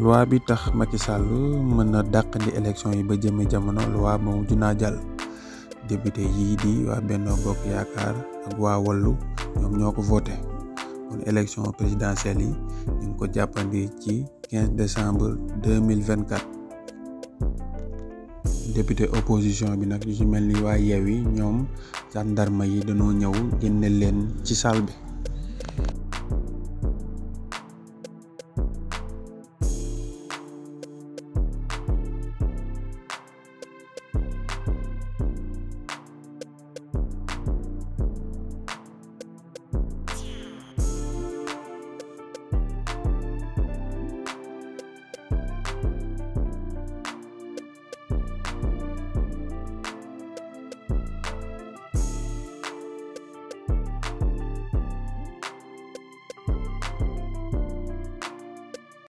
loi bi tax Macky Sall mën a dàqandi élection yi ba jëme jamono loi ba mujj naa jàll député yi di waa Benno Bokk Yaakaar ak waa Wallu ñoom ñoo ko voté kon élection présidentielle yi ñu ko jàppandi ci 15 décembre 2024 député opposition bi nag ñu ci mel ni waa yi ñoom gendarme yi dañoo ñëw génne leen ci salle bi